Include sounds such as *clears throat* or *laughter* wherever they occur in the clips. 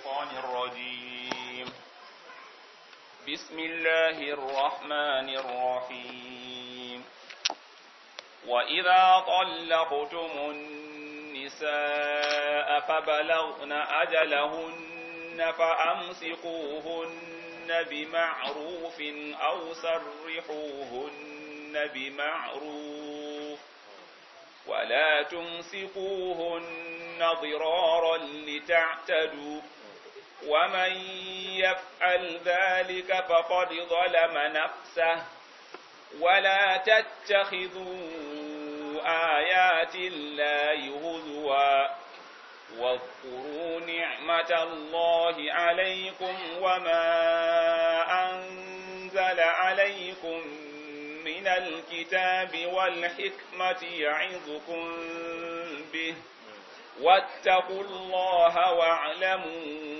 الشيطان الرجيم بسم الله الرحمن الرحيم وإذا طلقتم النساء فبلغن أجلهن فأمسكوهن بمعروف أو سرحوهن بمعروف ولا تمسكوهن ضرارا لتعتدوا ومن يفعل ذلك فقد ظلم نفسه ولا تتخذوا آيات الله هزوا واذكروا نعمة الله عليكم وما أنزل عليكم من الكتاب والحكمة يعظكم به واتقوا الله واعلموا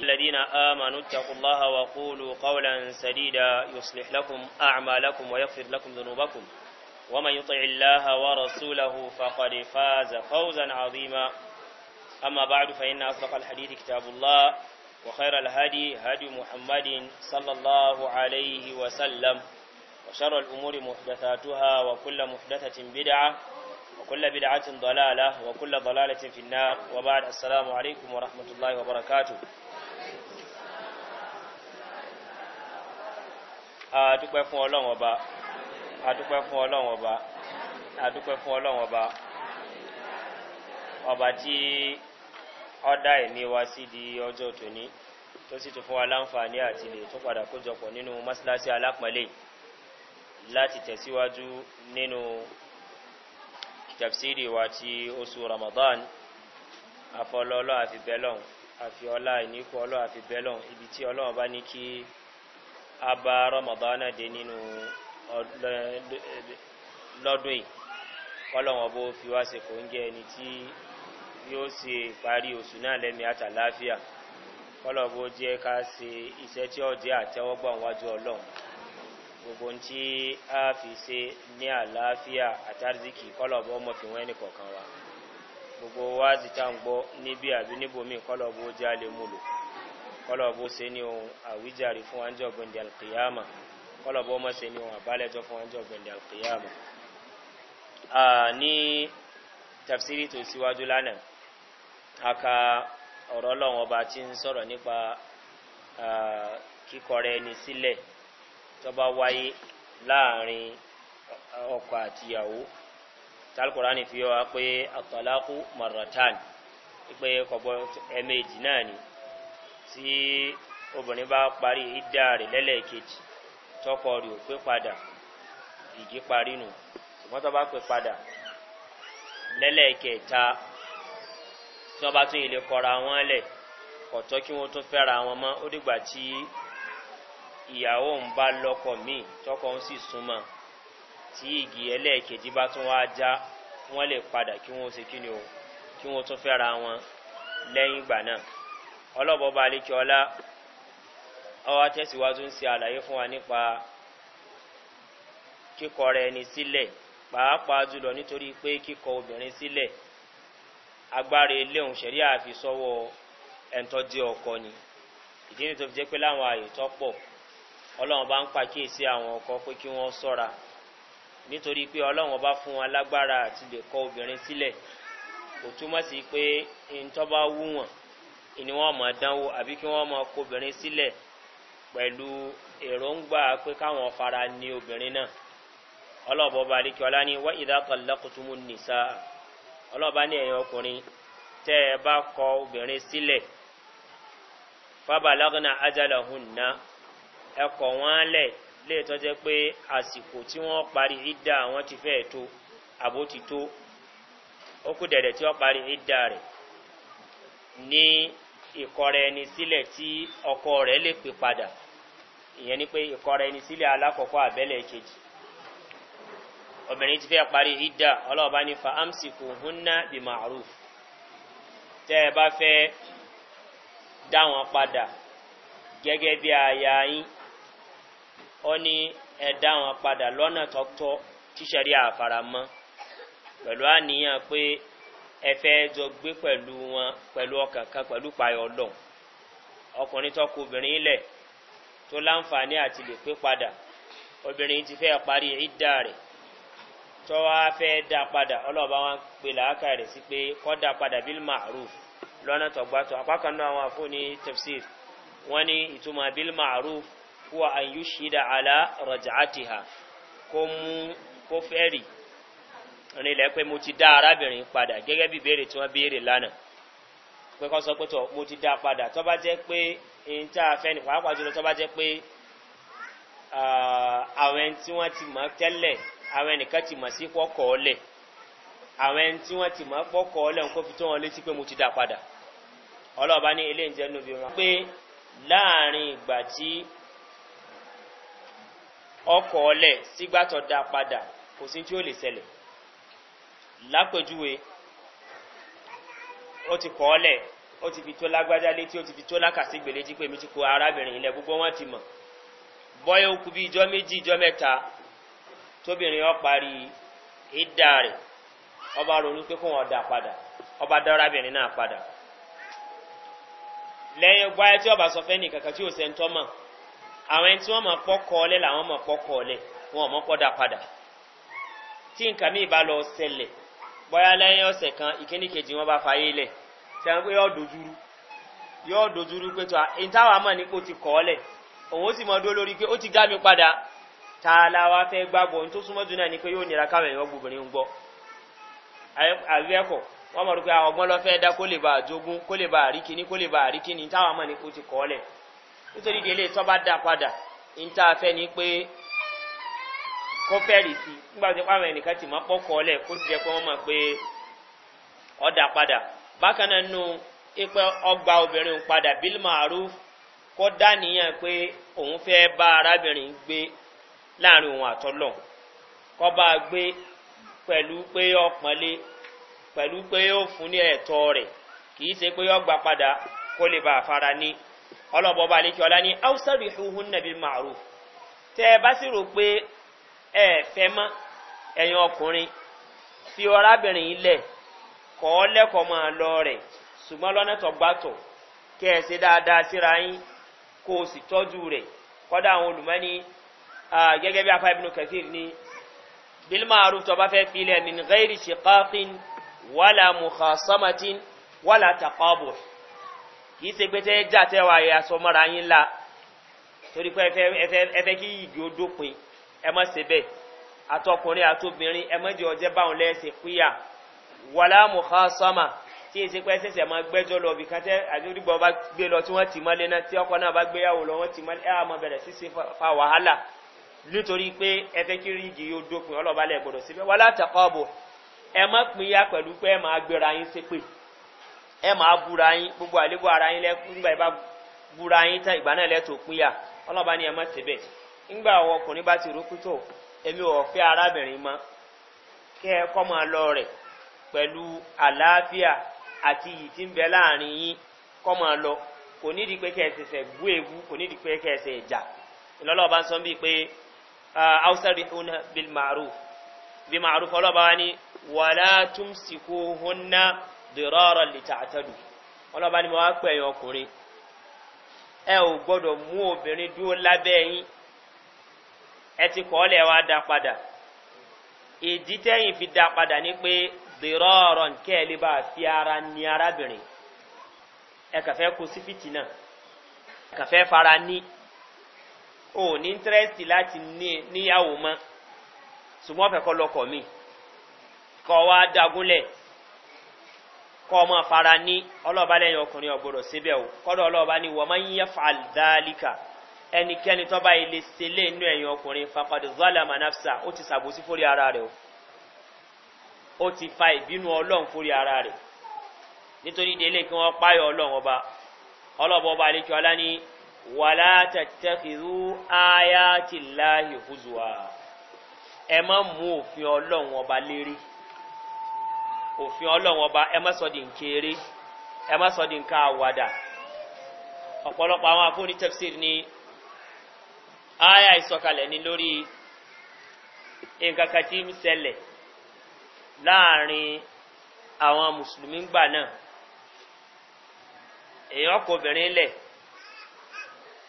الذين آمنوا اتقوا الله وقولوا قولا سديدا يصلح لكم أعمالكم ويغفر لكم ذنوبكم ومن يطع الله ورسوله فقد فاز فوزا عظيما أما بعد فإن أصدق الحديث كتاب الله وخير الهدي هدي محمد صلى الله عليه وسلم وشر الأمور محدثاتها وكل محدثة بدعة وكل بدعة ضلالة وكل ضلالة في النار وبعد السلام عليكم ورحمة الله وبركاته adúpẹ́ fún ọlọ́run ọba adúpẹ́ fún ọlọ́run ọba adúpẹ́ fún ọlọ́run ọba ọba tí ọ̀dà ẹ̀mí wa sí di ọjọ́ tòní tó sì tún fún wa láǹfààní àti lè tún padà kójọpọ̀ nínú mọ́ṣáláṣí alápọ̀nlé láti tẹ̀síwájú nínú tafsiri wa ti oṣù ramadan afọlọ́lọ́ àfi bẹ́lọ̀n àfi ọlá ìníkù ọlọ́ àfi bẹ́lọ̀n ibi tí ọlọ́run bá ní kí abá ramadana dé nínú lọ́dún yìí kọ́lọ̀wọ̀n bó fi wá se kò ń jẹ́ ẹni tí yóò se parí oṣù náà lẹ́mí àtàláfíà kọ́lọ̀wọ̀n bó jẹ́ ká se iṣẹ́ tí ọ̀jẹ́ àtẹ́wọ́gbà wájú ọlọ́run gbogbo ń tí a fi se ní àláfíà àtàrísìkì kọ́lọ̀wọ̀n ọmọ fi wọ́n ẹnì kọ̀ọ̀kan wa gbogbo wáàzì tá ń gbọ́ níbí àbí níbòmí kọ́lọ̀wọ̀n bó jẹ́ àlè múlò kọlọ̀bọ̀ se ní ohun àwíjàrí fún wájọ́ gbẹ̀ndẹ̀ alkiyama kọlọ̀bọ̀ mọ́ se ní ohun àbálẹ́jọ́ fún wájọ́ gbẹ̀ndẹ̀ alkiyama ní tafsiri tó síwájú lánàá aka ọ̀rọ̀ ọlọ́run ọba tí ń sọ̀rọ̀ nípa kíkọrẹ ẹni sílẹ̀ tó bá wáyé láàrin ọkọ̀ àtìyàwó tálkùránì fi yọ wá pé àtọ̀lákù mọ̀rọ̀tán pé ẹ̀mẹ́jì náà ni tí obìnrin bá parí ìdá rẹ̀ lẹ́lẹ́kejì tọkọ rẹ̀ ò pé padà ìjì parí nù ṣùgbọ́n tó bá pè padà lẹ́lẹ́kẹta tí wọ́n bá tún ilé kọra wọn lẹ̀ ọ̀tọ́ kí wọ́n tún fẹ́ra wọn mọ́ ó dìgbà tí ìyàwó ń bá lọ́kọ̀ míì tọkọ ń sì súnmọ́ tí ìgì ẹlẹ́ẹ̀kejì bá tún wá já wọ́n lè padà kí wọ́n ṣe kí ni o kí wọ́n tún fẹ́ra wọn lẹ́yìn ìgbà náà ọlọ́bọ̀ bá lékí ọlá ọwá tẹ́síwájú ń se àlàyé fún wa nípa kíkọ rẹ ni sílẹ̀ pàápàá jùlọ nítorí pé kíkọ obìnrin sílẹ̀ agbára eléhùn ṣẹ̀rí àfi sọ́wọ́ ẹ̀ńtọ́jú ọkọ ni ìdí ni tó fi jẹ́ pé láwọn ààyè tó pọ̀ ọlọ́run bá ń pàkíyèsí àwọn ọkọ pé kí wọ́n sọ́ra nítorí pé ọlọ́run bá fún wọn lágbára àti lè kọ obìnrin sílẹ̀ kò túmọ̀ sí pé ntọ́ bá wú wọn ni wọ́n mọ̀ dánwò àbí kí wọ́n mọ̀ kóbìnrin sílẹ̀ pẹ̀lú èròǹgbà pé káwọn fara ní obìnrin náà ọlọ́ọ̀bọ̀ bá alikí ọlá ní wọ́n ìdákan lọ́kùtùmù nìsa ọlọ́ọ̀bá ní ẹ̀yìn ọkùnrin tẹ́ ẹ bá kọ obìnrin sílẹ̀ fábàlágùnà ajalahun ná ẹkọ̀ wọ́n lẹ̀ léètọ́ jẹ́ pé àsìkò tí wọ́n parí ìdá àwọn ti fẹ́ẹ̀ tó àbótító ó kú dẹ̀dẹ̀ tí wọ́n parí ìdá rẹ̀ ní ìkọrẹ ẹni sílẹ̀ tí ọkọ rẹ̀ lè pè padà ìyẹn ni pé ìkọrẹ ẹni sílẹ̀ alákọ̀ọ́kọ́ àbẹ́lẹ̀ kejì obìnrin ti fẹ́ parí ìdá ọlọ́ọ̀bá ní fa amsiku hunna bi ma'ruf tẹ́ ẹ bá fẹ́ dá wọn padà gẹ́gẹ́ bí aya yín ó ní ẹ dá wọn padà lọ́nà tọ́tọ́ tíṣẹ̀rí àfaramọ́ pẹ̀lú àníyàn pé ẹfẹ́ jọ gbé pẹ̀lú wọn pẹ̀lú ọkàn kan pẹ̀lú payọ̀ ọlọ́run ọkùnrin tọ́kọ obìnrin ilẹ̀ tó láǹfààní àti lè pé padà obìnrin ti fẹ́ parí ìdá rẹ̀ tó wá fẹ́ dá padà ọlọ́ọ̀bá wọn pe làákà rẹ̀ sí pé kọ́ dá padà bíl màrúf lọ́nà tọ̀gbàtọ̀ apákan náà àwọn àfúnni tefsir wọ́n ní ìtumọ̀ bíl màrúf kó àyùṣídà àlá rọ̀jà àtìhà kó mú kó fẹ́ rí rinlẹ̀ pé mo ti dá arábìnrin padà gẹ́gẹ́ bí béèrè tí wọ́n béèrè lánàá pé kọ́ sọ pé tọ́ mo ti dá padà tọ́ bá jẹ́ pé n tá a fẹ́ ní pàápàá jùlọ tọ́ bá jẹ́ pé àwọn ẹni tí wọ́n ti mọ̀ tẹ́lẹ̀ àwọn ẹnìkan ti mọ̀ sí pọ́kọ̀ ọ̀lẹ̀ àwọn ẹni tí wọ́n ti mọ̀ pọ́kọ̀ ọ̀lẹ̀ nǹkan fi tó wọn létí pé mo ti dá padà ọlọ́ọ̀bá ní ilé ìjẹ́ nu bí wọn. pé láàrin ìgbà tí ọkọ̀ ọ̀lẹ̀ sígbàtọ̀ dá padà kò sí tí ó lè ṣẹlẹ̀ lápẹjúwe ó ti kọ́ ọ́lẹ̀ ó ti fi tó lágbájá létí ó ti fi tó lákàsígbè létí pé mi ti kó arábìnrin ilẹ̀ gbogbo wọn ti mọ̀ bọ́yá ó kú bí ijọ́ méjì ijọ́ mẹ́ta tóbìnrin ọ parí ìdá rẹ̀ ọba ronú pé kó wọn dà padà ọba dá arábìnrin náà padà lẹ́yìn ọba sọ fẹ́ ní kankan tí ò sẹ́ ń àwọn ẹni tí wọ́n mọ̀ pọ́ kọ́ làwọn mọ̀ pọ́ kọ́ bọ́yá lẹ́yìn ọ̀sẹ̀ kan kejì wọn bá fàyè lẹ̀ sẹ́wọ́n pé yọ́ dojúrú yọ́ dojúrú pé tó ìtawà mọ̀ ní kó ti kọ́ lẹ̀ òun sì mọ́ dúró lórí pé ó ti dá mi padà ta la wa fẹ́ gbàgbọ́ ní tó súnmọ́ jù náà ni pé yóò nira káwọn èèyàn gbòbìnrin ń gbọ́ àríwẹ̀kọ̀ wọ́n mọ̀ pé ọgbọ́n lọ fẹ́ dá àjogún kó àríkíní kó fẹ́rì sí nígbà tí pàmò ẹnìkan ti máa pọ́kọ ọlẹ̀ kó sì jẹ́ pé wọ́n mọ̀ pé ọ̀dà padà bákan náà nu ipe ọgbà obìnrin padà bíl màrúf kó dánìyàn pé òun fẹ́ bá arábìnrin gbé láàrin òun àtọ́lọ̀ kọ́ bá a gbé pẹ̀lú pé pẹ̀lú pé ó fara ní ọlá ní haúsá nàbí ẹ bá sì rò ẹ̀ẹ̀fẹ́ mọ́ ẹ̀yìn ọkùnrin fi ọrábìnrin ilẹ̀ kọ́ ọ lẹ́kọ̀ọ́ máa lọ rẹ̀ ṣùgbọ́n lọ́nà tó gbàtọ̀ kí ẹ ṣe dáadáa síra yín kó o sì tọ́jú rẹ̀ kọ́dà àwọn olùmọ́ni gẹ́gẹ́ bí afa ibùdó kẹfìrì ni bilmaaru tó bá fẹ́ filẹ̀ min gẹ́rì ṣìkàkín wàlà mùkàsámàtín wàlà tàkàbọ̀ kì í ṣe pé tẹ́ jà tẹ́ wà yà sọmọ́ra yín la torí pé ẹ fẹ́ kí ìgbì ó dópin ẹ mọ́ ṣe bẹ́ẹ̀ àtọkùnrin àtobìnrin ẹ mọ́jọ ọjẹ́ báwọn lẹ́ẹ̀ṣẹ̀ píyà wàlá mùkà sọ́mà tí èsì pẹ́ sẹ̀sẹ̀ máa gbẹ́jọ́ lọ bìkan tẹ́ àdúgbò bá gbé lọ tí wọ́n ti mọ́lé náà tí ọkọ̀ náà bá gbéyàwó lọ wọ́n ti mọ́lé ẹ̀ àmọ́ bẹ̀rẹ̀ sísè fa wàhálà nítorí pé ẹ fẹ́ kí rígi yóò dópin ọlọ́ba lẹ̀ gbọ́dọ̀ síbẹ̀ wàlá tẹ̀kọ́ bò ẹ mọ́ pinya pẹ̀lú pé ẹ máa gbéra yín sépè ẹ máa búra yín gbogbo àlébù ara yín lẹ́kùn nígbà ìbá búra yín tán ìgbà náà lẹ́tọ̀ọ́ pinya ọlọ́ba ni ẹ mọ́ síbẹ̀ ńgbà àwọn ọkùnrin bá ti rókútó èmi ò fẹ́ arábìnrin mọ́ kẹ́ ẹ kọ́ máa lọ rẹ̀ pẹ̀lú àlàáfíà àti iyì tí ń bẹ láàrin yín kọ́ máa lọ kò nídìí pé kẹ́ ẹ ṣẹ̀ṣẹ̀ bú ewu kò nídìí pé kẹ́ ẹ ṣẹ̀ jà ìlọ́lọ́ bá ń sọ bíi pé hausari huna bil maruf bí maruf ọlọ́ba wa ni wàlá tún sìkú huna dìrọ́rọ̀ lìtà àtẹ́dù ọlọ́ba ni mo wá pẹ̀yìn ọkùnrin ẹ ò gbọ́dọ̀ mú obìnrin dúró lábẹ́ yín ẹ ti kọ́ lẹ̀ wá dá padà ìdí tẹ́yìn fi dá padà ní pé dèrọ́ọ̀rọ̀ nkẹ́ ẹ lè bá fi ara ní arábìnrin ẹ kàfẹ́ kó kàfẹ́ fara ní o ní íńtírẹ́sì láti níyàwó mọ́ ṣùgbọ́n fẹ́ kọ́ lọ́kọ̀ mi kọ́ dagunlẹ̀ fara ní ọlọ́ọ̀bá lẹ́yìn ọkùnrin ọ̀gbọ́dọ̀ síbẹ̀ o kọ́dọ̀ ọlọ́ọ̀bá ni wọ́n ẹnikẹ́ni tó bá ilé sele inú ẹ̀yìn ọkùnrin fakọ̀dé zọ́làmà nafsa ó ti sàbòsí fórí ara rẹ̀ ó ti fa ìbínú ọlọ́run fórí ara rẹ̀ nítorí délé kí wọ́n páyọ̀ ọlọ́run ọba ọlọ́bọ̀ ọba àlejò ọlá ní wàlá tẹ̀tẹ̀kìrú áyá ti láàyè fúzùwà ẹ má mú òfin ọlọ́run ọba lérí òfin ọlọ́run ọba ẹ má sọ di nkéré ẹ má sọ di nká àwàdà ọ̀pọ̀lọpọ̀ àwọn ni. aya ìsọkalẹ̀ ni lórí nǹkan kan tí ń ṣẹlẹ̀ láàrin àwọn mùsùlùmí gbà náà èèyàn kò obìnrin lẹ̀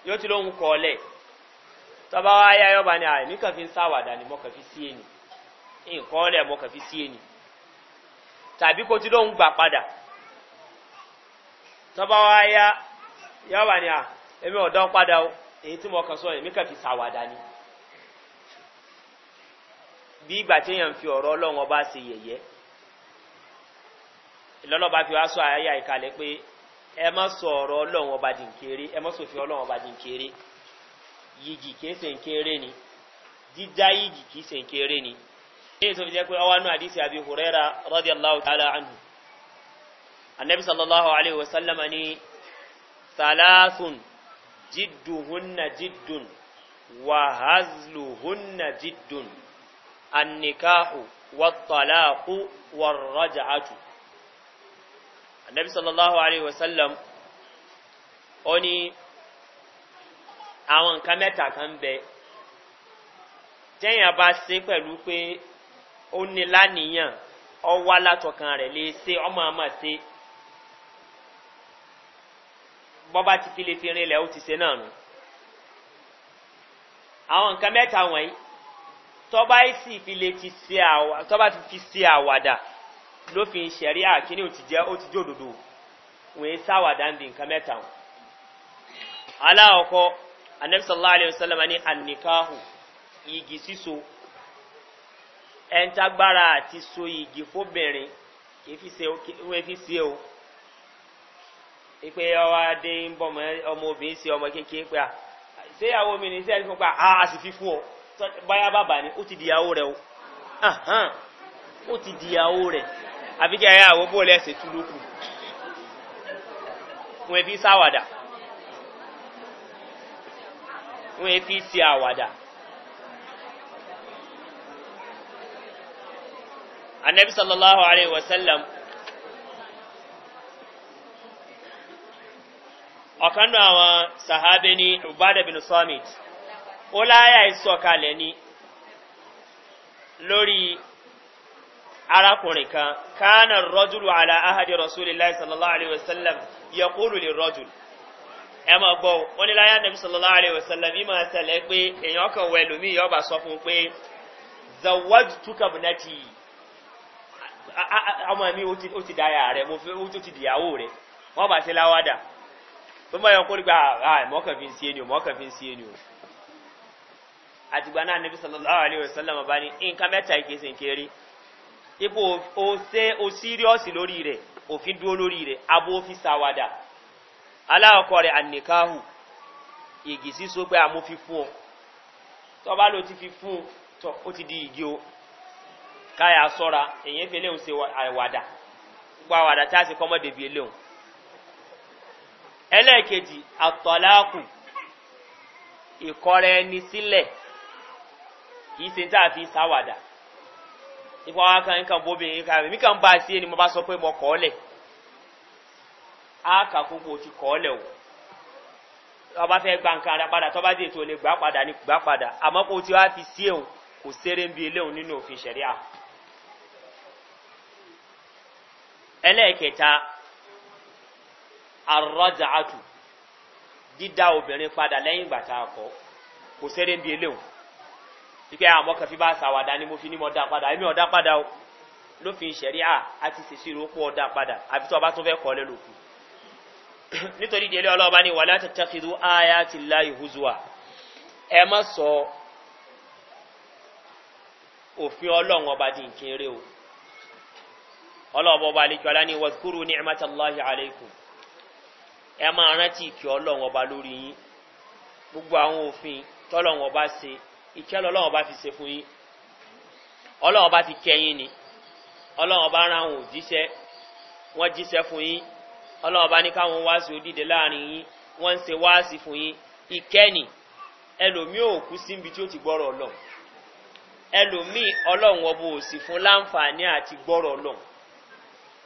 yóò ti lóhun kọ́ lẹ̀ tọ́ba wa ayé ayọ́ba ni àìní kan fi ń sáwàdà ni mo fi sí ni nǹkan ọ̀lẹ̀ mo fi sí ni tàbí kó ti lóhun gbà padà tọ́ba wa ayá yọ́ba ni à èmi ọ̀dọ́ padà o. èyí tí mo kàn sọ èmi kàn fi sàwádà ni bí ìgbà tí fi ọ̀rọ̀ ọlọ́run ọba ṣe yẹ̀yẹ́ ìlọ́lọ́ba fi wá sọ àyà ìkàlẹ̀ pé ẹ má sọ ọ̀rọ̀ ọlọ́run ọba ni jíjá yìgì kìí ṣe ń ni èyí tó jẹ́ pé ọwọ́ àdìsí àbí hùrẹ́ra rọ́dí aláwọ̀ tààlà anabi sallallahu alayhi wa sallam ni salasun جدهن جد wa جد النكاح والطلاق والرجعة النبي صلى الله عليه وسلم أني ní àwọn nǹkan mẹ́ta kan bẹ tẹ́yìn bá ṣe pẹ̀lú pé ó ní láníyàn ọ wá látọkàn rẹ̀ lè ṣe ọmọ àmọ́ ṣe bọ́bá ti fi lè fi rin ilẹ̀ ó ti se náà nù. àwọn nǹkan mẹ́ta wọ̀nyí tọ́ba sì fi lè ti se àwà tọ́ba ti fi se àwàdà lófin ṣẹ̀rí àkíní ò ti jẹ́ ó ti jẹ́ òdòdó wọ́n yé sáwàdà ń bi nǹkan mẹ́ta wọn. aláwọ̀kọ́ anẹ́bísọ̀lá alẹ́ sọ́lọ́mà ní igi síso ẹ̀ńtàgbára àti so igi fóbìnrin kì í fi se o. ìpè ọwọ́ adé ń bọ̀ ọmọ obìnrin sí ọmọ kékeré pé à ṣé mi ní ẹni fún pa a sì fi fún ọ báyà bàbá ni ó ti di ìyàwó rẹ o ó ti di ìyàwó rẹ àbí kí ayé àwọ̀ bóòlù ẹ̀sẹ̀ tú lókù wọn fi sallallahu ọ̀kan náà àwọn sàhábé ní ubadabinu summit ó láyà ìsọ̀kalẹ̀ ní lórí arákùnrin kan kánà rọ́júlù àlà ahadi rasulillah sallallahu alaihi wasallam ya kúrò lè rọ́júlù ẹ máa gbọ́ wọ́n ní láyà nàbí sallallahu alaihi wasallam yìí ó ti dáyà rẹ̀ mo fi ó ti dìyàwó rẹ̀ wọ́n bá ti láwádà tó mọ̀ yẹn kó pé àà fi sí ẹni o fi ń sí ẹni o àtìgbà náà níbi sallallahu alayhi wa sallam bá ní nǹkan mẹ́ta ìkéṣe kéré ipò òṣè òṣìríọ́sì lórí rẹ̀ òfin dúró lórí rẹ̀ abó fi sáwádà aláwọ̀kọ rẹ̀ ànìkáhù ìgì síso pé àmú fi fún ọ tọ́ba ló ti fi fún tọ́ ó ti di ìgì o káyà ẹlẹ́ẹ̀kejì àtọ̀láàkùn ìkọrẹ ẹni sílẹ̀ kìí se tá a fi sáwàdà nípa wá kan nǹkan bóbìnrin kan mi kàn bá a sí ẹni mo bá sọ pé mo kọ́ ọ lẹ̀ á kà o ti kọ́ ọ lẹ̀ gba nǹkan ara padà tó bá dé ètò olè gbà padà ní gbà padà àmọ́ fi sí ẹ̀hún kò ń bi eléhùn nínú òfin arọ́jà àtù dídá obìnrin padà lẹ́yìn ìgbà tá a kọ́ kò sẹ́rẹ̀ ń bi eléwò ike àmọ́ ah, kan fi bá sàwádà ni mo fi ní mo dá padà èmi ọ̀dá padà o lófin ìṣẹ̀rí à ah, á ti ṣèṣì ìrókò ọ̀dá padà àfi tí ọba tó fẹ́ kọ́ lé lòkù *clears throat* nítorí ìdílé ọlọ́ọ̀bá ni wàlá tẹ̀tẹ̀kìdú áyá ti la ìhùzùwà ẹ má sọ òfin ọlọ́run ọba di nkéré o ọlọ́ọ̀bá ọba àlejò alá ni wàzúkúrú ní ẹ̀mátàláhi ẹ máa rántí ìkẹ́ ọlọ́run ọba lórí yín gbogbo àwọn òfin tọ́lọ́run ọba ṣe ìkẹ́ ọlọ́run ọba fi ṣe fún yín ọlọ́run ọba fi kẹ́yìn ni ọlọ́run ọba ara wọn ò jíṣẹ́ wọ́n jíṣẹ́ fún yín ọlọ́run ọba ní káwọn wáàsí odíde láàrin yín wọ́n ń ṣe wáàsí fún yín ìkẹ́ni ẹlòmíì ò kú síbi tí ó ti gbọ́rọ̀ ọlọ́run ẹlòmíì ọlọ́run ọba ò sì fún láǹfààní àti gbọ́rọ̀ ọlọ́run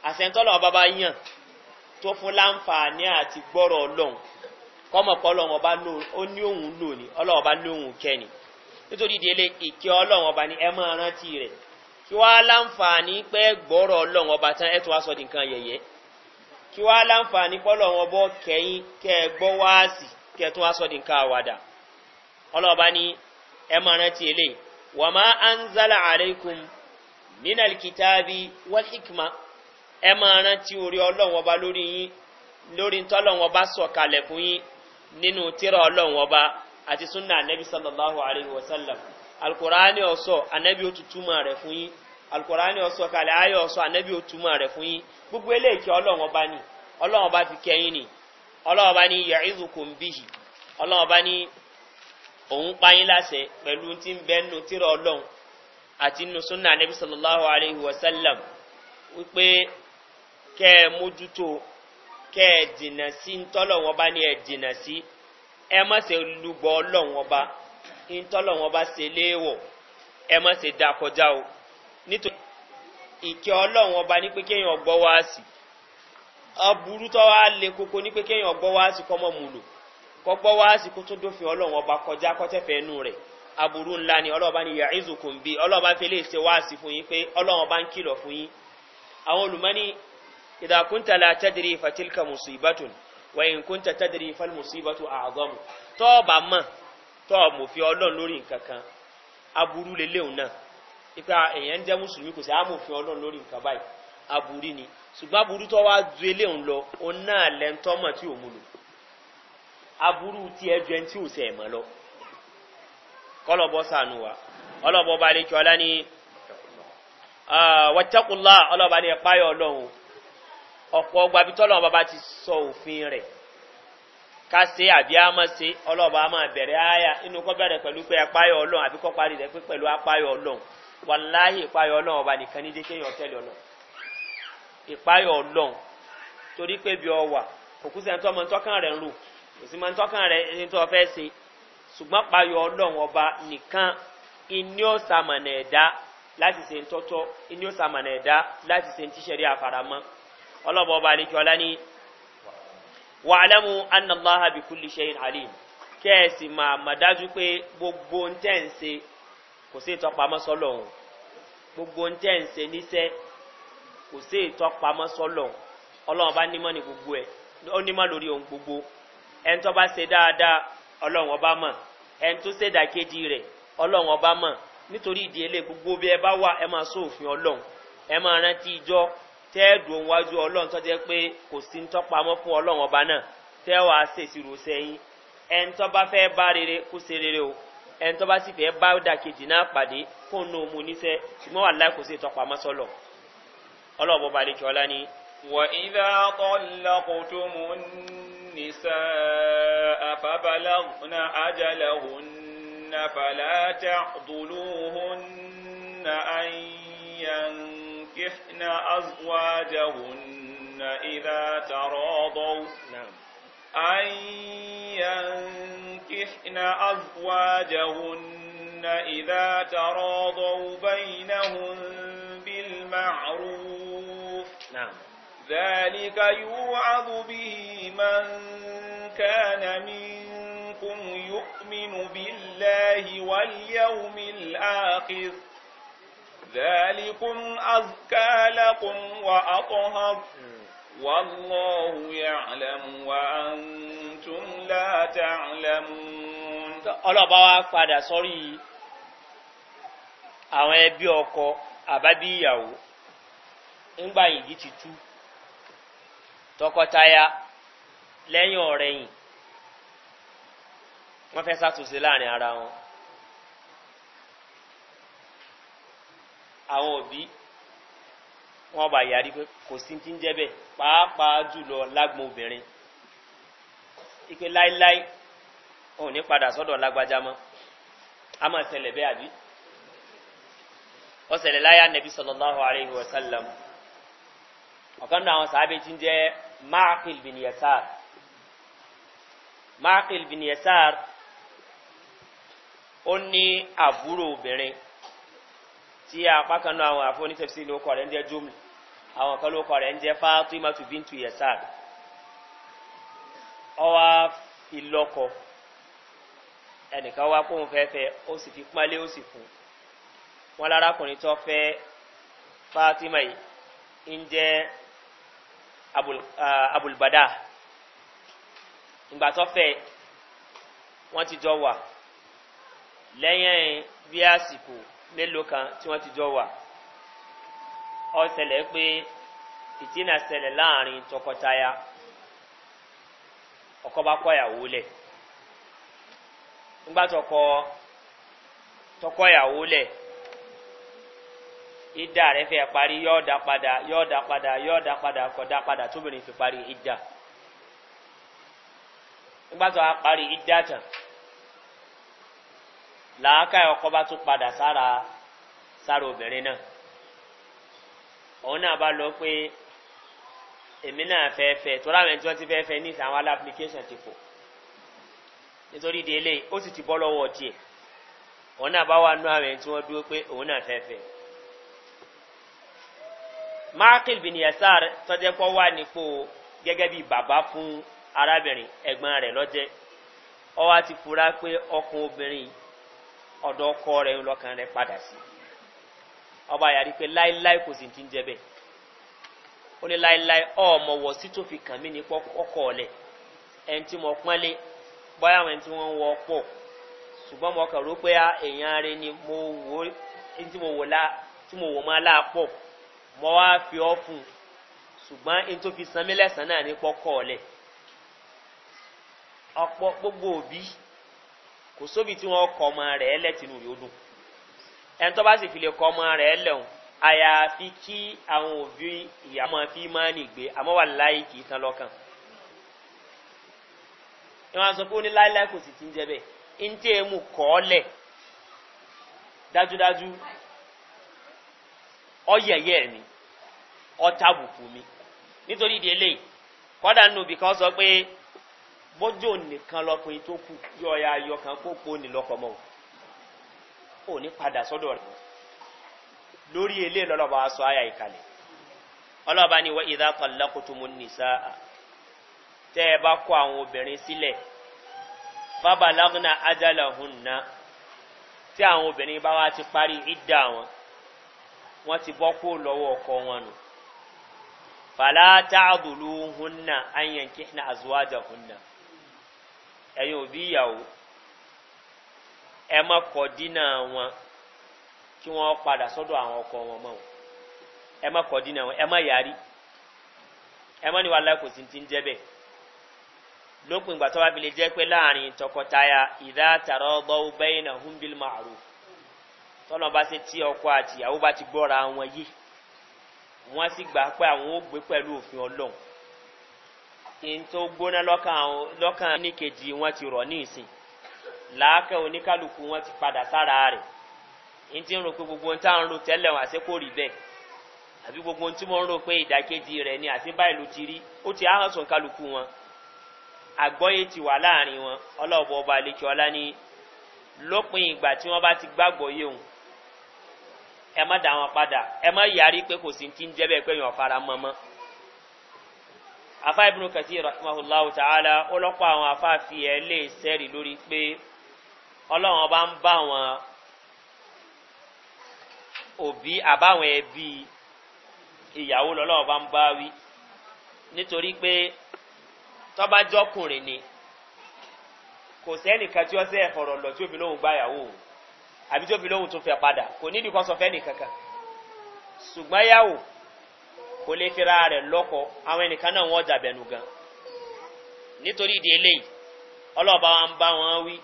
àṣẹ̀ńtọ́lọ́run ọba bá yàn tó fún láǹfààní àti gbọ́rọ̀ ọlọ́run kọ́mọ̀ ọlọ́run ọba ó ní òun lò ní ọlọ́run ọba ní òun kẹ́ni nítorí ìkẹ́ ọlọ́run ọba ní ẹ máa rántí rẹ̀ kí wá láǹfààní gbọ́rọ̀ ọlọ́run ọba tán ẹ̀ tó wá sọ di nǹkan yẹ̀yẹ́ kí wá láǹfààní pọ́ ọlọ́run ọbọ̀ kẹ́yìn kẹ́ ẹ gbọ́ wá sí kẹ́ ẹ tó ọba ní ẹ máa ẹ máa rántí orí ọlọ́run ọba lórí yín lórí ntọ́lọ́run ọba sọ̀kalẹ̀ fún yín nínú tíra ọlọ́run ọba anabi sallallahu alayhi wa sallam ọsọ anabi ó tutuma rẹ fún yín ọsọ kalẹ̀ ayé ọsọ anabi ó tutuma rẹ fún yín gbogbo eléyìí ọlọ́run ọba ni ọlọ́run ọba fi kẹ́yìn ni ọlọ́run ọba ni kò ń ni òun pẹ̀lú ń bẹ́ kẹ́ mójútó ẹ dìnà sí ntọ́lọ́wọ́n bá ní ẹ dìnà sí ẹ má ṣe lùgbọ́ ọlọ́wọ́n bá ntọ́lọ́wọ́n bá ṣe léèwọ̀ ẹ má ṣe dá o nítorí ìkẹ́ ọlọ́wọ́n bá ní pé kéèyàn gbọ́ wá sí aburú tó wá le koko ní pé kéèyàn gbọ́ wá sí mu lò wá sí kó tó dófin bá kọjá kọ́tẹ́fẹ́ rẹ̀ aburú ńlá ni ọlọ́ọ̀bá ni ọlọ́ọ̀bá ṣe wá sí idza kunta la tadri fa tilka musibatun wa in kunta tadri fal musibatu a'zamu tó bá mọ̀ tó mọ̀ fi Ọlọ́run lórí nǹkan kan aburú leleun náà ipa èèyàn jẹ́ mùsùlùmí kò sí amòfin ọlọ́run lórí nǹkan báyìí aburú ni ṣùgbọ́n aburú tó wá ju eléhùn lọ òun náà lẹ́ńtọ́mọ̀ tí ò mú lò aburú tí ẹ ju ẹni tí ò sẹ̀ mọ́ lọ kọlọ́bọ sànù wa ọlọ́bọ bá lè kí ọlá ní wàtẹ́kùnlá ọlọ́ba ní ẹ̀páyọ̀ ọlọ́run ọ̀pọ̀ ọgbà bí tọ́lọ̀ bàbá ti sọ òfin rẹ̀ ká ṣe àbí a máa ṣe ọlọ́ọ̀bà máa bẹ̀rẹ̀ àyà inú kọ́ bẹ̀rẹ̀ pẹ̀lú pé apáyọ̀ ọlọ́run àbí kọ́ parí rẹ̀ pé pẹ̀lú apáyọ̀ ọlọ́run ìpáyọ̀ ọlọ́run ọba nìkan ní dékè èèyàn ọlọ́run ìpáyọ̀ ọlọ́run torí pé bí ọ wà òkú sẹ́ni tó ọmọ ntọ́kàn rẹ̀ ń lò kò sí ntọ́kàn rẹ̀ ní tó fẹ́ ṣùgbọ́n ọlọ́run ọba nìkan iní ó sàmọ̀nà ẹ̀dá láti ntọ́tọ́ iní ó sàmọ̀nà ẹ̀dá láti ọlọ́bọ̀ ọba àlejòọlá ní wà álámù anàláha bí kúlì ṣe alim kẹ́ẹ̀sì máa mà dájú pé gbogbo ń tẹ̀ ń se kò sí ìtọ́pamọ́ sọ́lọ̀hún gbogbo ń tẹ̀ ń se níṣẹ́ kò sí ìtọ́pamọ́ sọ́lọ̀hún ọlọ́run bá nímọ̀ ní gbogbo ẹ̀ ó nímọ̀ lórí ohun gbogbo ẹni tó bá se dáadáa ọlọ́run ọba mọ̀ ẹni tó ṣèdá kejì rẹ̀ ọlọ́run ọba mọ̀ nítorí ìdí ẹlẹ́ gbogbo bí ẹ bá wà ẹ máa sóòfin ọlọ́run ẹ máa rántí ìjọ tẹ́ẹ̀dùn wájú ọlọ́run tó pé kò sí ń tọ́pamọ́ fún ọlọ́run ọba náà tẹ́wà ṣèṣirò sẹ́yìn ẹni tó bá fẹ́ bá rere kó ṣe rere o ẹni tó bá sì fẹ́ bá dàkejì náà pàdé kó nu mu níṣẹ́ ṣùgbọ́n wà láì kò sí ìtọ́pamọ́ sọ́lọ̀ ọlọ́run bọ́ba àlejò ọlá ni. wà ìdá ọlọ́kùtù mú nìṣà àfàbàlàhùnà àjàlàhùnà fàlàtà dùlùhùnà àyàn. ينكحن أزواجهن إذا تراضوا نعم أن ينكحن أزواجهن إذا تراضوا بينهم بالمعروف نعم ذلك يوعظ به من كان منكم يؤمن بالله واليوم الآخر ذلكم أزكى لكم وأطهر hmm. والله يعلم وأنتم لا تعلمون ọlọ́ba wa padà sọ́rí àwọn ẹbí ọkọ àbábí ìyàwó ńgbà yìí ti tú tọkọtaya lẹ́yìn wọ́n fẹ́ láàrin ara wọn àwọn òbí wọn bá yàrí pé kò sí ti ń ike lai pàápàá jùlọ lágbọn obìnrin ipe láíláí òun ní padà sọ́dọ̀ lágbájá mọ́ a máa ṣẹlẹ̀ bẹ́ẹ̀ àbí wọ́n ṣẹlẹ̀ láyà nẹ́bí sọlọ́láhùn àríhì wọ́sálàm ọ̀kan náà àwọn sàábé ti ń jẹ́ máàkìl bin yasar máàkìl bin yasar ó ní àbúrò obìnrin tí apá kan náà àwọn àfọ onítẹ̀sí ló kọ̀ rẹ̀ ń jẹ́ jùmù àwọn kan ló kọ̀ rẹ̀ ń jẹ́ fátímà tù bíntù yẹ̀sáàd ọwá ìlọ́kọ ẹnìkan wá kóhun fẹ́fẹ́ ó sì fi pálé ó sì fún wọn lárákùnrin tó fẹ́ fátímà yìí ń jẹ́ abulbada ìgbà tó fẹ́ wọ́n ti jọ wà lẹ́yìn bí àsìkò mélòó kan tí wọ́n ti jọ wà ọ ṣẹlẹ̀ pé ìtìnà ṣẹlẹ̀ láàrin tọkọtaya ọkọ bá kọ́ ìyàwó lẹ̀ nígbà tọkọ tọkọ ìyàwó lẹ̀ ìdá rẹ̀ fẹ́ parí yóò dá padà yóò dá padà yóò dá padà kọ̀ dá padà tóbìnrin fi parí ìdá nígbà tó a parí ìdá tán làákà ọkọ bá tún padà sára sára obìnrin náà òun náà bá lọ pé èmi náà fẹ́ fẹ́ tọ́lá àwọn ẹni tí wọ́n ti fẹ́ fẹ́ ní ìsàwọn alápilikéṣàn ti fò nítorí ìdí eléyìí ó sì ti bọ́ lọ́wọ́ tiẹ̀ òun náà bá wà nú àwọn ẹni tí wọ́n dúró pé òun náà fẹ́ fẹ́ mákìl bin yasar tọ́jẹ́pọ̀ wà nípò gẹ́gẹ́ bí bàbá fún arábìnrin ẹ̀gbọ́n rẹ̀ lọ́jẹ́ ọ wá ti fura pé ọkùnrin obìnrin ọ̀dọ̀ ọkọ kan lọ́kàn rẹ̀ padà sí ọba àyàrí pé láíláí kò sì ti ń jẹ bẹ́ẹ̀ ó ní láíláí ọmọ wọ sí tó fi kàn mí ní ọkọ̀ ọ̀lẹ̀ ẹni tí mo pọ́nlé báyà wọn tí wọ ni mo wò tí mo wò lá tí mo wò máa láà mo wá fi fún un ẹni tó gbogbo òbí kò sóbi tí wọ́n kọ ọmọ rẹ̀ ẹlẹ́tìnú rẹ̀ ó dùn ẹni tó bá sì fi lè kọ ọmọ rẹ̀ ẹlẹ́hùn àyàfi kí àwọn òbí ìyá máa fi máa nìgbé àmọ́ wà láì kì í tán lọ́kàn ìwọ̀n sọ pé ó ní láíláí kò sì ti ń jẹ bẹ́ẹ̀ ń tẹ́ ẹ mú kọ́ ọ lẹ̀ dájúdájú ọyẹyẹ mi ọtá bùkù mi nítorí ìdí eléyìí kọ́dà nù bí sọ pé. bọ́jọ́ nìkan lọ́kùnrin tó kù yọ ya ayọ̀ kan kó po ní lọ́kọ̀mọ́ ò ní padà sọ́dọ̀ rẹ̀ lórí ilé lọ́lọ́ba aṣọ àyà ìkàlẹ̀ ọlọ́ba ni wọ́n ìdá kan lọ́kùtùmù nìsa tẹ́ ẹ bá kó àwọn obìnrin sílẹ̀ bábà lágùnà ájálà hùn náà tí àwọn obìnrin bá wá ti parí ìdá wọn wọ́n ti bọ́ kó lọ́wọ́ ọkọ wọn nù fàlátà àdùlù hùn náà ayànkí náà àzúwájà hùn náà ẹ̀yin òbí ìyàwó ẹ má kọ dínà wọn kí wọ́n padà sọ́dọ̀ àwọn ọkọ wọn mọ́ ẹ má kọ dínà wọn ẹ má yàrí ẹ má ní wàhálà kò sí ti ń jẹ́ bẹ́ẹ̀ lópin ìgbà tó bá fi lè jẹ́ pé láàrin tọkọtaya ìdá tààrọ bọ́wọ́ bẹ́yìn náà húnbíl màrú tọ́nà bá ṣe tí ọkọ àti ìyàwó bá ti gbọ́ra wọn yìí wọ́n sì gbà pé àwọn ó gbé pẹ̀lú òfin ọlọ́run in tó gbóná lọ́kàn ní kejì wọn ti rọ̀ ní ìsìn làákẹ́ oníkálukú wọn ti padà sára rẹ̀ in ti ń ro pé gbogbo ohun tá à ń ro tẹ́lẹ̀ wọn àṣẹ kò rí bẹ́ẹ̀ àbí gbogbo ohun tí mo ń ro pé ìdàkejì rẹ̀ ni àṣẹ báyìí ló ti rí ó ti áhàn kálukú wọn àgbọ́yé ti wà láàrin wọn ọlọ́ọ̀bọ ọba àlejò ọlá ní lópin ìgbà tí wọ́n bá ti gbàgbọ́ yé òun ẹ má dà wọn padà ẹ má yàrí pé kò sí ti ń jẹ́ bẹ́ẹ̀ pé èèyàn fara mọ́ afa ibùdó kàtí rahmatulahu ta'ala ọlọ́pọ̀ àwọn afa fi ẹ̀ lè sẹ́rì lórí pé ọlọ́run ọba ń bá wọn òbí àbáwọn ẹbí ìyàwó lọ́lọ́run ọba ń bá wí nítorí pé tọ́ba jọkùnrin ni kò sẹ́nìkan tí wọ́n sẹ́ ẹ̀fọ̀rọ̀ lọ tí òbí lóhùn gbá àbí tí òbí lóhùn tún fẹ́ padà kò nídìí kan sọ fẹ́ nìkankan ṣùgbọ́n yàwó kò lè rẹ ra àwọn ẹnìkan náà nitori jàbẹ̀nu gan nítorí ìdí eléyìí ọlọ́ọ̀bá wa ń bá wọn wí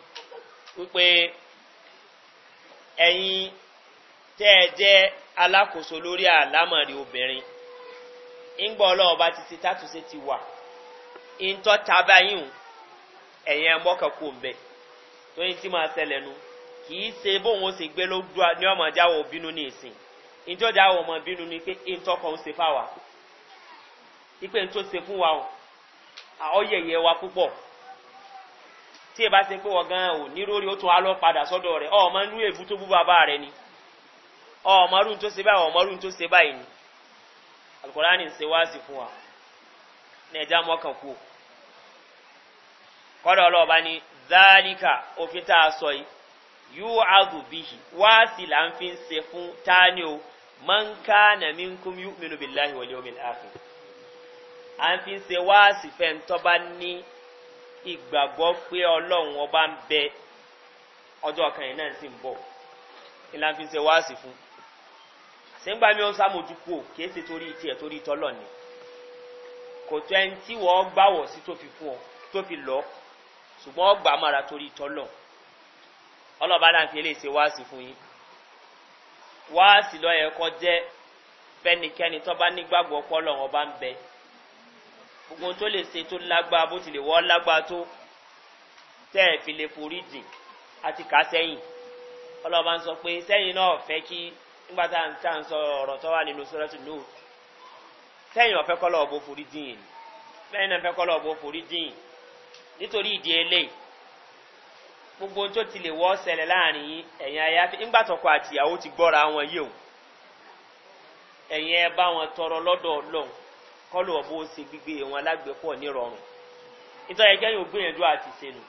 wípé ẹ̀yin tẹ́ ẹ jẹ́ alákòóso lórí àlámọ̀rí obìnrin ọlọ́ọ̀bá títí tátúnṣe ti wà ńtọ́ tábà yìí ẹ̀yin ẹ̀ mọ́kàn kò ń tóyìn tí máa ṣẹlẹ̀ nu kì í ìjọjà àwọn ọmọ bínú ni pé ìtọkọ ń se fáwa ipe ń tó se fún wa ọyẹyẹ wa púpọ̀ tí ẹ bá se pé wọ́n gan ò ní lórí ó tún á lọ padà sọ́dọ̀ rẹ̀ ọmọ inú èébú tó bú bàbá rẹ̀ ni ọmọ rún tó se báyìí ọmọ rún tó se báyìí ni alukurani ń se wá sí fún wa ní ẹja mọ́kàn kú kọ́dọ̀ ọlọ́ọ̀bá ni zálíkà òfin tá a sọ yìí yóò àgùbí wá sí là ń fi ń se fún táníò man kana minkum yu'minu billahi wal yawmil akhir an fi se wa si fe n to ba ni igbagbo pe olohun oba n be ọjọ́ kan yìí náà sì ń bọ̀ kí la fi ń se wá sí fún sígbà mi ò sàmójú kú ò kìí ṣe torí tiẹ̀ torí tọ́lọ̀ ni kò tó ẹni tí wọ́n gbàwọ̀ sí tó fi fún ọ tó fi lọ ṣùgbọ́n ọgbà mara torí tọ́lọ̀ ọlọ́ba náà fi lè ṣe wá sí fún yín wáàsí lọ́yẹ̀ kọ́ jẹ́ fẹ́nikẹ́ni tó bá nígbàgbọ́ pọ́lọ̀ wọn bá ń bẹ gbogbo tó lè ṣe tó lágbára bó tilẹ̀ wọ́n lágbára tó tẹ́ ẹ̀ fi lè forí jìn àti kà sẹ́yìn ọlọ́ba ń sọ pé sẹ́yìn náà fẹ́ kí nígbà tá à ń sọ ọ̀rọ̀ tó wà nínú sọ́rọ́tù nù sẹ́yìn ọ̀fẹ́ kọ́lọ̀ ọ̀bọ forí jìn sẹ́yìn náà fẹ́ kọ́lọ̀ ọ̀bọ forí jìn nítorí ìdí eléyìí gbogbo tó ti lè wọ́ sẹlẹ̀ láàrin yín ẹ̀yin ayáfi ńgbàtọ̀kọ àti ìyàwó ti gbọ́ra wọn yìí o ẹ̀yin ẹ wọn tọrọ lọ́dọ̀ ọlọ́run kọ́lù ọ̀bọ ṣe gbígbé wọn lágbèpọ̀ nírọ̀rùn nítorí kẹ́yìn ò gbìyànjú àti sẹ́nu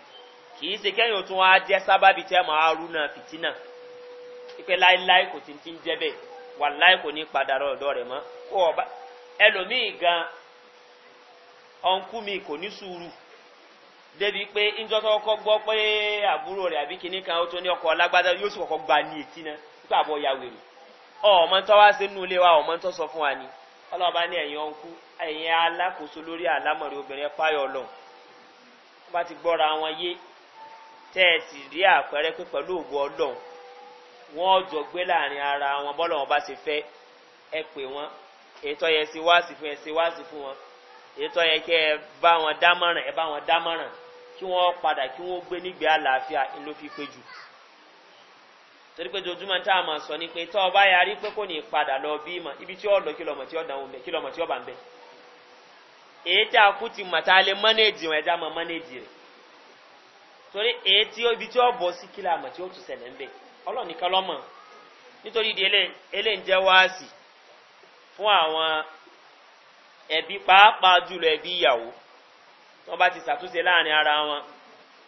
kì í ṣe kẹ́yìn ò tún wá jẹ́ sábàbí tẹ́ mọ́ arú náà fìtínà pípẹ́ láéláé kò ti ti ń jẹ́ wà láì kò ọba ẹlòmíì gan ọ̀nkú mi kò ní débi pé njọ́ tó kọ́ gbọ́ pé àbúrò rẹ̀ àbí kìíní kan ó tó ní ọkọ̀ lágbádá yóò sì kọ́kọ́ gba ní etí náà nípa àbọ̀ ya wèrè ọmọ tó wá sínú ilé wa ọmọ tó sọ fún wa ni ọlọ́ọ̀bá ní ẹ̀yìn ọ̀nkú ẹ̀yìn alákòóso lórí àlámọ̀rẹ́ obìnrin páyọ̀ ọlọ́run wọ́n bá ti gbọ́ra wọn yé tẹ́ ẹ sì rí àpẹẹrẹ pé pẹ̀lú òògùn ọlọ́run wọ́n jọ gbé láàrin ara wọn bọ́lọ̀ wọn bá ṣe fẹ́ ẹ pè wọ́n kí wọ́n padà kí wọ́n gbé nígbẹ́ àlàáfíà ló fi pé jù torí pé dojúmọ̀ tá a máa sọ ni pé tọ́ ọba yarí pé kò ní padà lọ bí ibi tí ó lọ kílọ̀mù tí ó dánwò mẹ́ kílọ̀mù tí ó bà ń bẹ̀ èyí tí a kú ti mọ̀ tá a lè mọ́nẹ́ẹ̀dì wọn ẹ̀dá mọ́nẹ́ẹ̀dì rẹ̀ torí èyí ibi tí ó bọ̀ sí kílà mọ̀ tí ó ń nítorí wọ́n bá ti ṣàtúnṣe láàrin ara wọn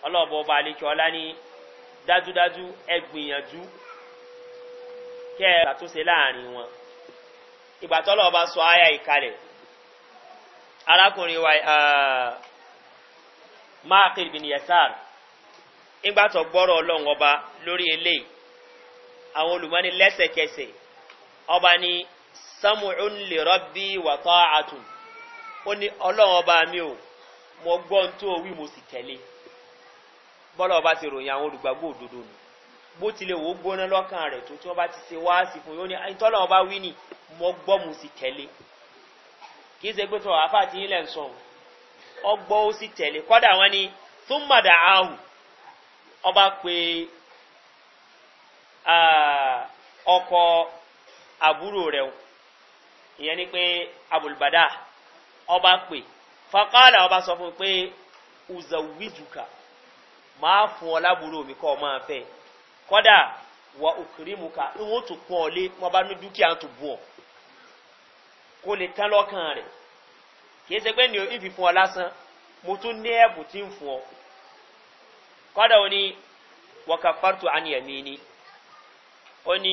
ọlọ́ọ̀bọ̀ ọba àlejò ọlá ní dájúdájú ẹgbìyànjú kẹ́ ẹ ṣàtúnṣe láàrin wọn ìgbà tọ́lọ̀ ọba sọ àyà ìkalẹ̀ arákùnrin wa máàkìl bin yasar ìgbà tó gbọ́rọ̀ ọlọ́run ọba lórí eléyìí àwọn olùmọ́ni lẹ́sẹ̀kẹsẹ̀ ọba ní samuun lè rọ́bí wàtọ́ àtùn ó ní ọlọ́run ọba mi ò mo gbọ́ ń tó wí mo sì tẹ̀lé bọ́lá ọba ti ròyìn àwọn olùgbàgbọ́ òdodo nù bó tilẹ̀ wò ó gbóná lọ́kàn rẹ̀ tó tí wọ́n bá ti ṣe wáàsì fún yóò ní ọba wí ni mo gbọ́ mo sì tẹ̀lé kì í ṣe pé tó àáfà tí yín lẹ̀ ń sọ ọgbọ́ ó sì tẹ̀lé kọ́dà wọn ni tún mọ̀dà ọba pé ọkọ̀ àbúrò rẹ̀ ìyẹn ni pé abùlbàdà ọba pè fàkàlà ọba sọ fún pé uzawijuka máa fún ọ mi kọ́ máa fẹ́ kọ́dà wà òkèrémùka ìwọ́n tó pọ̀ lé wọn bá ní dúkìá tó bù ọ kó lè tán lọ́kàn rẹ̀ kìí ṣe pé ní fún ọ lásán mo tún ní ẹ̀bù tí ń fún ọ kọ́dà ó ní wọ́kà fàtó o ni ó ní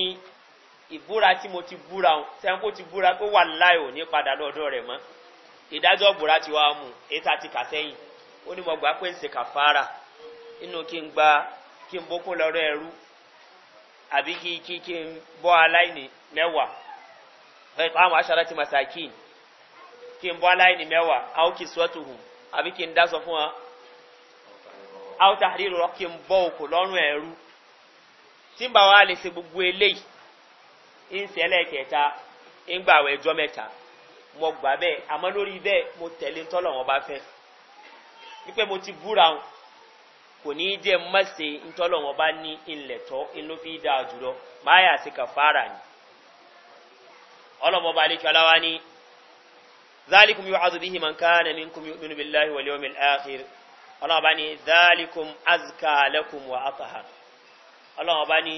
ìbúra tí mo ti búra sẹ́ńkó ti búra pé wà láì ò ní padà lọ́dọ̀ rẹ̀ mọ́. ìdájọ́ gbòrá ti wá mú ètà ti kà ó ní mo pé ń se kàfàrà inú kí n gba kí n bókun lọ́rọ́ ẹrú àbí kí kí kí n bọ́ aláìní mẹ́wàá aṣáájú ti masakin kí n bọ́ aláìní mẹ́wàá àwọn kì í sọ́tù hù àbí kí n fún mo gbà bẹ́ẹ̀ àmọ́ lórí bẹ́ẹ̀ mo tẹ̀lé tọ́lọ̀ wọn bá fẹ́ wípé mo ti búra wọn kò ní í jẹ́ mọ́sẹ̀ ntọ́lọ̀ wọn bá ní ilẹ̀ tọ́ inú fi dáa jùlọ máa sí kàfàrà ni ọlọ́mọba alẹ́kẹ́ aláwa ni ذلكم يوعظ به من كان منكم يؤمن بالله واليوم الآخر ọlọ́mọba ni ذلكم ni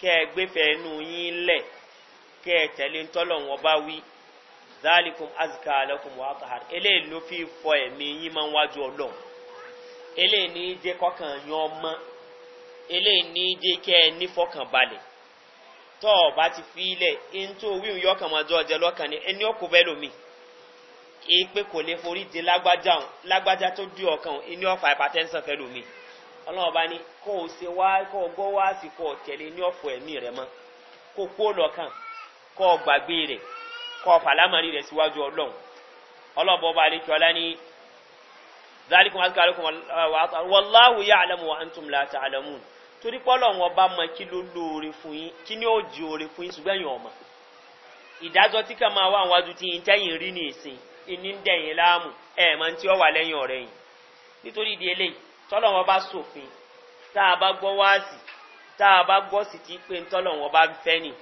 kẹ́ ẹ gbéfẹ́ inú yín lẹ̀ kẹ́ ẹ tẹ̀lé tọ́lọ̀wọ́ bá wí zalikum azika alakum wa atahar eléyìí ló fi fọ ẹ̀mí yín máa ń wájú ọlọ́run eléyìí ní jẹ́ kọ́kàn yan ọmọ eléyìí ní jẹ́ kẹ́ ẹ tọ́ ọ bá ti fi ilẹ̀ ntó wíwù yọkàn máa jọ ọjọ́ lọ́kàn ni ẹni ọkọ̀ bẹ́ẹ̀ lómi kò lè tó dí ọkàn ẹni fẹ́ lómi. ọlọ́run bá ní kó o ṣe wá kó o gbọ́ wá sí tẹ̀lé ní ẹ̀mí rẹ mọ́ kó o kó lọ́kàn kó o gbàgbé rẹ kó o fàlámàrí rẹ wa láti torí mọ kí ló lóore fún yín kí ni ó di oore fún yín ṣùgbọ́n yín ọ̀mọ̀ ìdájọ́ tí kàn wà wájú tí yín tẹ́yìn rí ní ìsìn ìní ń dẹ̀yìn láàmú tọ́lọ̀ wọn bá sòfin tá a bá gbọ́ wáàsì tá a bá gbọ́ sí ti pé ntọ́lọ̀ wọn bá ń fẹ́ nì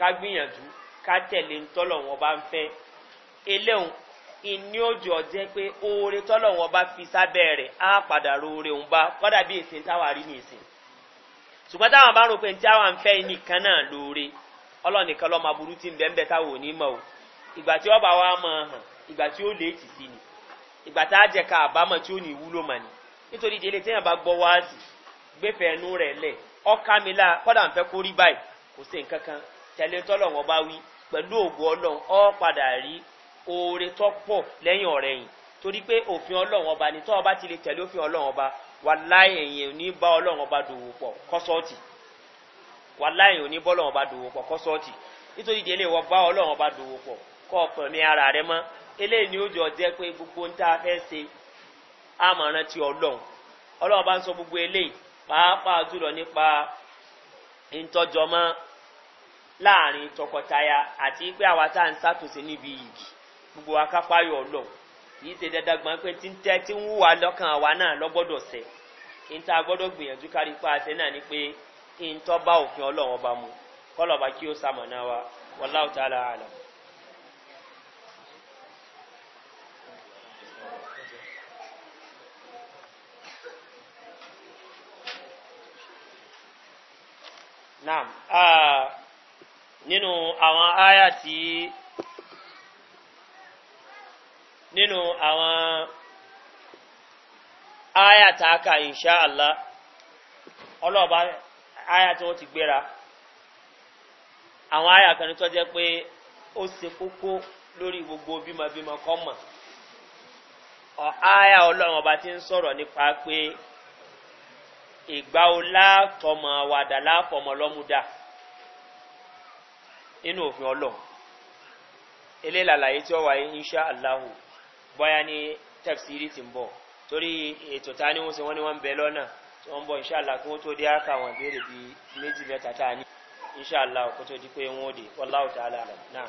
ká gbìyànjú ká tẹ̀lé ntọ́lọ̀ wọn bá ń fẹ́ eléhùn ìní òjò ọ̀jẹ́ pé oore tọ́lọ̀ wọn bá fi sábẹ́ rẹ̀ á padà roore òun bá kọ́dà bí èsì táwa rí ní ìsìn ṣùgbọ́n táwọn bá rò pé ntí àwọn afẹ́ nìkan náà lóore ọlọ́nìkan lọ́ọ́ máa burú tí ń bẹ́ẹ̀ táwọn ò ní mọ̀ o ìgbà tí ọba wa mọ̀ hàn ìgbà tí ó lè tì sí ni ìgbà tá a jẹ ká àbámọ̀ tí ó ní ìwúlò mọ̀ ni nítorí ìdílé tí yàn bá gbọ́ wá sí gbẹ́fẹ̀ ẹnu rẹ̀ lẹ̀ ọkà mi la kọ́dà ń fẹ́ kó rí báyìí kò sí nǹkan kan tẹ̀lé tọ́lọ̀wọ́n bá wí pẹ̀lú ògùn ọlọ́run ọ́ padà rí oore tó pọ̀ lẹ́yìn ọ̀rẹ́ yìí torí pé òfin ọlọ́run ọba ni tọ́ ọba ti lè tẹ̀lé òfin ọlọ́run ọba wà láyìn èyàn ní bá ọlọ́run ọba dòwò pọ̀ kọ́sọ́ọ̀tì wà láyìn òní bọ́lọ́run ọba dòwò pọ̀ kọ́sọ́ọ̀tì nítorí ìdílé wọ bá ọlọ́run ọba dòwò pọ̀ kọ́ ọ̀pọ̀ mi ara rẹ mọ́ eléyìí ni ó jọ jẹ́ pé gbogbo ń tá fẹ́ ṣe àmọ̀ràn ti ọlọ́run ọlọ́run bá ń sọ gbogbo eléyìí pàápàá jùlọ nípa ìtọ́jọmọ́ láàrin tọkọtaya àti pé àwa tá à ń sàtòsí níbi yìí gbogbo akápáyọ̀ ọlọ́run yìí ṣe dandan gbọ́n pé tí ń tẹ́ tí ń wúwa lọ́kàn àwa náà lọ́gbọ́dọ̀ gbọ́dọ̀ gbìyànjú kárí pa àṣẹ náà ni pé bá òfin ọlọ́run ọba mu kọ́lọ̀ wa wọ́n Naam. Nínú àwọn aya tí ninu àwọn áyà tààkà ìṣá àlá ọlọ́ọ̀bá áyà tí wọ́n ti gbéra. Àwọn aya kan ní tọ́ jẹ́ pé ó se kókó lórí gbogbo bímọ bímọ kọ́mọ̀. Ọ̀ áyà ọlọ́run ọba ti n sọ̀rọ̀ nípa pé ìgbà ọlá tọmọ àwàdà láfọmọ lọ́múdà nínú òfin ọlọ́run eléyìí làlàyé tí ó wáyé insha allahu bọ́yá ní tẹ̀síìrì ti ń bọ̀ torí ètò ta ni wọ́n se wọ́n ni wọ́n ń bẹ lọ́nà tí wọ́n ń bọ̀ insha allah kí wọ́n tó dé áka àwọn ìbéèrè bíi méjì mẹ́ta tá a ní insha allah kó tó di pé wọ́n ó dé wọ́n láwùjọ alẹ́ náà.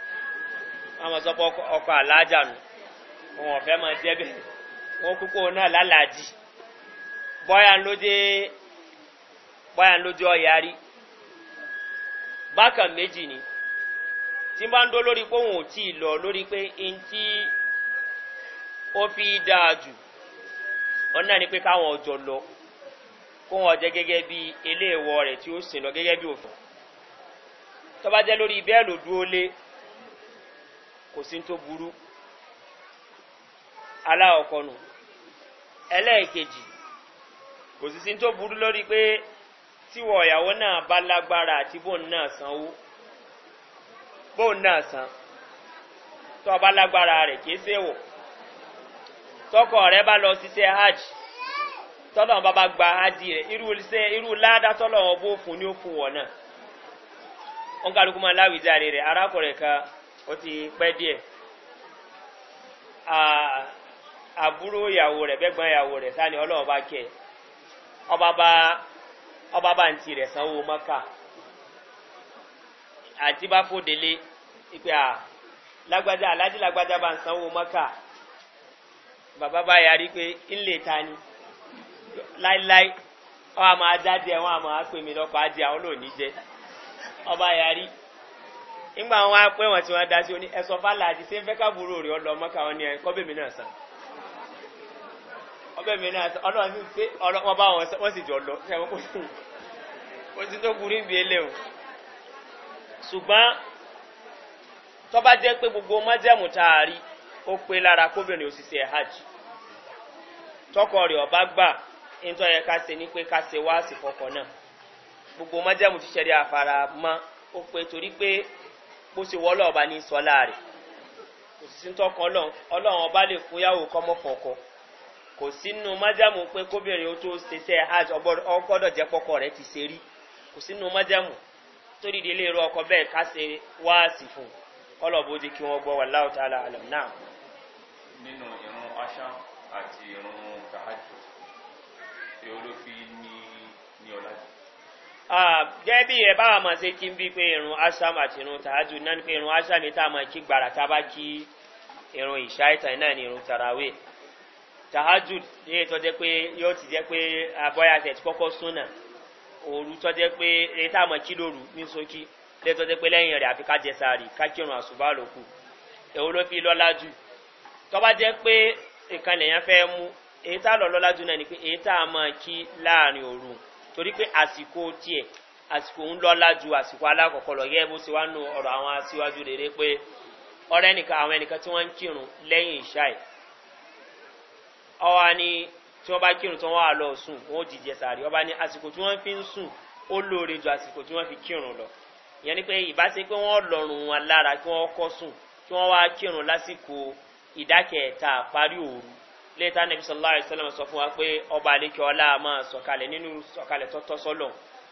wọ́n mọ̀ sọ́pọ̀ ọkọ̀ alájà nù wọn ọ̀fẹ́ mọ̀ débẹ̀ wọn kúkú náà lálàájì bọ́yà lóde bọ́yà lóde ọ̀yà rí bákan méjì ni tí bá ń dó lórí pé òun ò tí ì lọ lórí pé n tí ó fi dáa jù wọn náà ni pé káwọn ọjọ lọ kó wọn jẹ gẹgẹ bí eléèwọ rẹ tí ó sìn lọ gẹgẹ bí òfin tọ́ba lórí bẹ́ẹ̀ ló dúró lé kò sí tó burú aláọ̀kọ́nù ẹlẹ́ẹ̀kejì kò sí sí tó burú lórí pé tíwọ̀ ìyàwó náà bá lágbára àti bóun náà sanwó bóun náà san tó bá lágbára rẹ̀ kìí séwò tọkọ rẹ̀ bá lọ síṣẹ́ hajj tọ́lọ́wọ́n bá bá gba hajj rẹ̀ irú iṣẹ́ irú ládá tọ́lọ́wọ́n bó fún ní ó fún wọ̀ náà wọn kálukú máa láwùjáre rẹ̀ arákùnrin kan. ó ti pẹ́ díẹ̀ ah, àbúrò ìyàwó rẹ̀ bẹ́gbọ́n ìyàwó rẹ̀ sáà ni ọlọ́run bá kẹ́ ọba bá ọba ń ti rẹ̀ sanwó mọ́kà àti bá fòdélé ìpè à lágbájá alájí lágbájá bá ń sanwó mọ́kà bàbá bá yarí pé ńlẹ̀ ta ni láíláí ọ àmọ́ ajáde wọn àmọ́ àpèmí lọ́pàá jẹ àwọn olóòní ọba yarí. igba wọn wá pé wọn tí wọn dá sí oní fàlà àti sí fẹ́ káàbùrò rẹ̀ ọlọ mọ́ka wọn ni ẹ̀ náà sàn ọbẹ̀mí náà sàn sì sì jọ lọ *laughs* tó ìbí ṣùgbọ́n tọ́ba pé gbogbo májẹ̀mú ọba gbà nítorí ẹ̀ ká ṣe ní pé ká ṣe wáàsì fọkọ náà gbogbo májẹ̀mú ti ṣẹ̀rí bó ṣe wọ́ ọlọ́ọ̀ba ní sọ́lá rẹ̀ kò sí tọkàn ọlọ́run ọlọ́run ọba lè fún yàwó kọ́mọ kọ̀ọ̀kan kò sínú májàmú pé kóbìnrin ó tó ṣeṣẹ́ hajj ọgbọ́dọ̀ jẹ́ pọ́kọ rẹ̀ ti ṣe rí kò sínú májàmú tó dìde lè ro ọkọ bẹ́ẹ̀ ká ṣe wáàsì fún ọlọ́ọ̀bù ó kí wọ́n gbọ́ wà láwùjọ àlàm náà. nínú ìrún aṣá àti ìrún tàájú èwo fi ní ní ọlájú gẹ́gẹ́ bí ẹ báwa máa ṣe kí n bí pé irun asham àti irun tahaju náà ni pé irun asham tá a máa kí gbàrà tá a bá kí irun ìṣáìtà náà ni irun tarawe tahaju ní ètò jẹ́ pé yóò ti jẹ́ pé abọ́yá tẹ̀ ti kọ́kọ́ súnà òru tó jẹ́ pé èyí tá a máa kí lóru ní sókí lẹ́yìn tó jẹ́ pé lẹ́yìn rẹ̀ àfi ká jẹ sáré ká kírun àṣùbá lókù èwo ló fi lọ́lá jù tó bá jẹ́ pé ìkànnì yẹn fẹ́ mú èyí tá a lọ lọ́lá jù náà ni pé èyí tá a máa kí láàrin òru torí pé àsìkò tiẹ̀ àsìkò ń lọ́la ju àsìkò alákọ̀ọ́kọ́ lọ yẹ bó ṣe wá nu ọ̀rọ̀ àwọn aṣíwájú rere pé ọ̀rẹ́ nìkan àwọn ẹnìkan tí wọ́n ń kírun lẹ́yìn ìṣáì ọwọ́ ni tí wọ́n bá kírun tí wọ́n wà lọ sùn wọ́n dìjẹ sàárì ọba ni àsìkò tí wọ́n fi ń sùn ó lóore ju àsìkò tí wọ́n fi kírun lọ ìyẹn ni pé ìbáṣe pé wọ́n lọ́rùn wọn lára kí wọ́n kọ́ sùn kí wọ́n wá kírun lásìkò ìdákẹ́ẹ̀ta àparí òru léta nàbí sọláà ìsọlọm sọ fún wa pé ọba àdékè ọlá máa sọkalẹ nínú sọkalẹ tọtọ sọlọ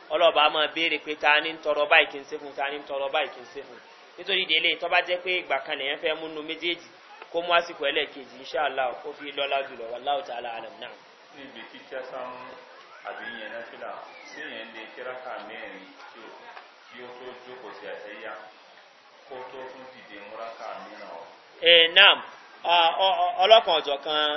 ọlọba máa béèrè pé ta ni ń tọrọ báyìí kì í ṣe fún ta ni ń tọrọ báyìí kì í ṣe fún nítorí délé tọ́ba jẹ́ pé ìgbà kan lèyàn fẹ́ múnú méjèèjì kó mú àsìkò ẹlẹ́ẹ̀kejì inṣàlá ó fi lọ́lá jùlọ wà láwùjọ aláàlẹ̀ náà. níbi kíkẹ́ sáwọn àbí náà fìlà sí yẹn lè kíráka mẹ́rin tí ó tó jókòó sí àtẹ́yà kó tó tún dìde múráka mìíràn. ẹ̀ eh, náà ọlọ́kan ọ̀jọ̀ kan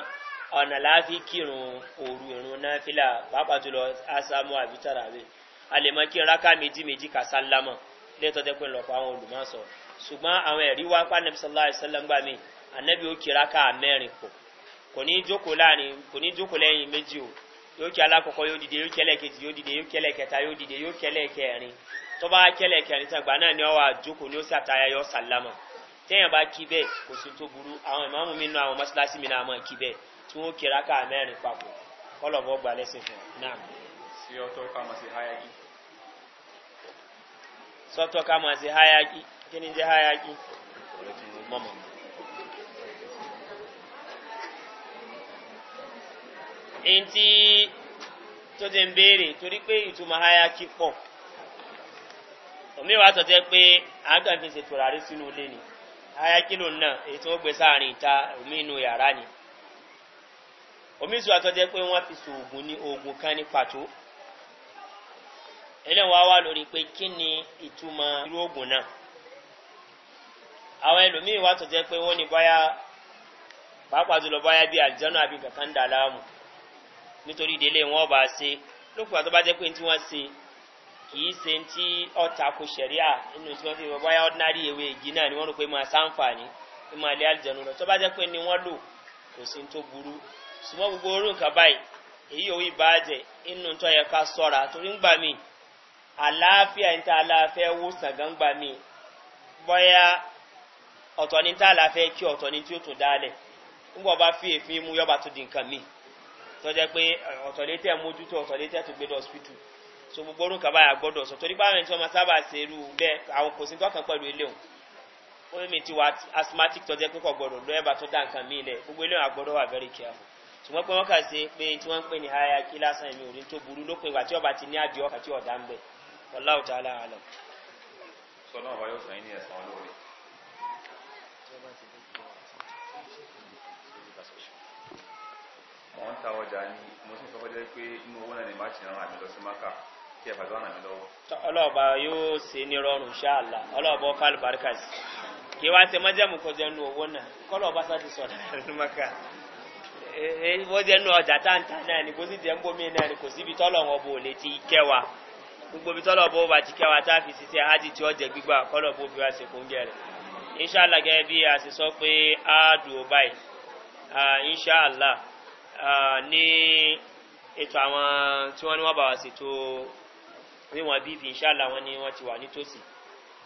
ọ̀nà láàfi kírun òru ìrún náà fílà pàápàá jùlọ asamu àbítàrà rẹ̀ a lè mọ kí raka méjì méjì kà sálámọ̀ lẹ́tọ́ tẹ́ pé lọ́pọ̀ àwọn olùmọ̀sọ ṣùgbọ́n àwọn ẹ̀rí wá pa nàbí sallá ìsẹ́lẹ̀ngbà mi ànábì ó kí raka mẹ́rin pọ̀ kò ní jókòó láàrin kò ní jókòó lẹ́yìn o yóò kí alákọ̀ọ́kọ́ yóò dìde yóò kẹ́lẹ̀ kejì yóò dìde yóò kẹ́lẹ̀ kẹta yóò dìde yóò kẹ́lẹ̀ kẹrin tó bá kẹ́lẹ̀ kẹrin tán gbà náà ni ọ wà jókòó ni ó sì àtàyà yọ téèyàn bá kí bẹ́ẹ̀ kò sí tó burú àwọn ìmáàmù mi nú àwọn mọ́sálásí mi náà mọ̀ kí bẹ́ẹ̀ tí wọ́n kí rákà mẹ́rin papọ̀ kọ́lọ̀bọ̀ gba lẹ́sìn fún náà. sí ọtọ́ ká sí háyákì. sọ́tọ́ ká sí kí ni jẹ́ háyákì. mọ̀mọ́. èyí tó ti ń béèrè torí pé ìtumọ̀ pọ̀ pé ni. ayakilo náà èyí tí wọ́n gbé sáàrin ìta omi inú yàrá ni omi ìtura tó jẹ́ pé wọ́n fi sòògùn ní oògùn kan ní pàtó ẹlẹ́wọ̀n á wà lórí pé kí ni ìtumọ̀ irú oògùn náà àwọn ẹlòmíì wà tó pé wọ́n ní báyà pàápàá jùlọ báyà bí àjọnà àbí kankan dà láàmú nítorí ìdílé wọn bá ṣe lópin àtọ́ pé tí wọ́n ṣe kìí se ti ọ̀tà kò ṣẹ̀ríà nínú tí wọ́n ọdịnala wọ́n báyà ewé igi náà ni wọ́n rò pé máa sáǹfààní pé máa lé àlìjẹ̀nu lọ tó bá jẹ́ pé ni wọ́n lò kò sí tó burú gbogbo orú nǹkan báyìí èyí yòówì bàjẹ́ inú tó yẹ ká sọ̀ra torí ń gbà mí àlàáfíà ní tá mí bọ́yá ọ̀tọ̀ tá kí ọ̀tọ̀ tí ó so gbogbo orúkọ báyà gbọ́dọ̀ sọ torí báwọn ẹni tí wọ́n máa sábà ṣe irú bẹ́ẹ̀ àwọn kò sí tọ́kàn pẹ̀lú eléhùn ó lè mi ti wa asthmatic tọ́jẹ́ pé kò gbọ́dọ̀ lọ ẹ̀bà tó dá nǹkan mí lẹ̀ gbogbo eléhùn àgbọ́dọ̀ wà very careful ṣùgbọ́n pé wọ́n kà sí pé tí wọ́n ń pè ní hayaki lásán èmi ò rí tó burú lópin ìgbà tí ọba ti ní adìẹ ọkà tí ń bẹ̀ wọlá ọ̀tá alára lọ. mo ń ta ọjà ni mo sì ń sọ fọ́jọ́ pé inú owó náà ni màá ti rán àmì lọ sí mákà tí ẹ fàgbọ́n mi lọ́wọ́. ọlọ́ọ̀bà yóò ṣe ní rọrùn ṣáàlà ọlọ́ọ̀bà ọkọ àlùbáríkà sí kí wá ṣe mọ́jẹ́mú kọjá nínú owó náà kọ́lọ́ọ̀bá sá ti sọ̀rọ̀ nínú mọ́kà wọ́n jẹ́ nínú ọjà táǹtà náà ni kò sì jẹ́ ń bómi náà ni kò síbi tọ́lọ̀ wọn bò lè ti kẹwa gbogbo ibi tọ́lọ̀ bó bá ti kẹwa tá a fi ṣiṣẹ́ ájì tí ọjà gbígbà kọ́lọ̀ a ṣe sọ pé ètò àwọn tí wọ́n ní wọ́n bá wa ṣètò níwọ̀n bífi ìṣàlá wọn ni wọ́n ti wà nítòsí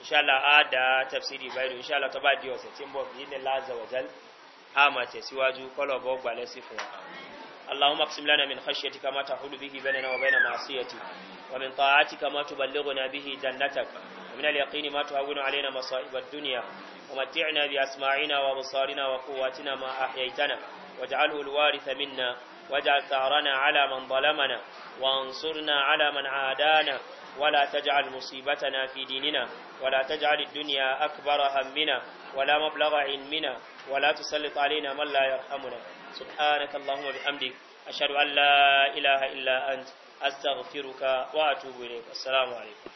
ìṣàlá àádá tafsiri báyìí ìṣàlá tó bá di ọ̀sẹ̀ tí ń bọ̀ bí ní láàzà wàzẹ́l a máa tẹ̀síwájú kọ́lọ̀bọ̀ gbalẹ̀ sí fún wa. اللهم اقسم لنا من خشيتك ما تحول به بيننا وبين معصيتك ومن طاعتك ما تبلغنا به جنتك ومن اليقين ما تهون علينا مصائب الدنيا ومتعنا بأسماعنا وأبصارنا وقواتنا ما أحييتنا واجعله الوارث منا واجعل ثارنا على من ظلمنا وانصرنا على من عادانا ولا تجعل مصيبتنا في ديننا ولا تجعل الدنيا أكبر همنا ولا مبلغ علمنا ولا تسلط علينا من لا يرحمنا سبحانك اللهم بحمدك أشهد أن لا إله إلا أنت أستغفرك وأتوب إليك السلام عليكم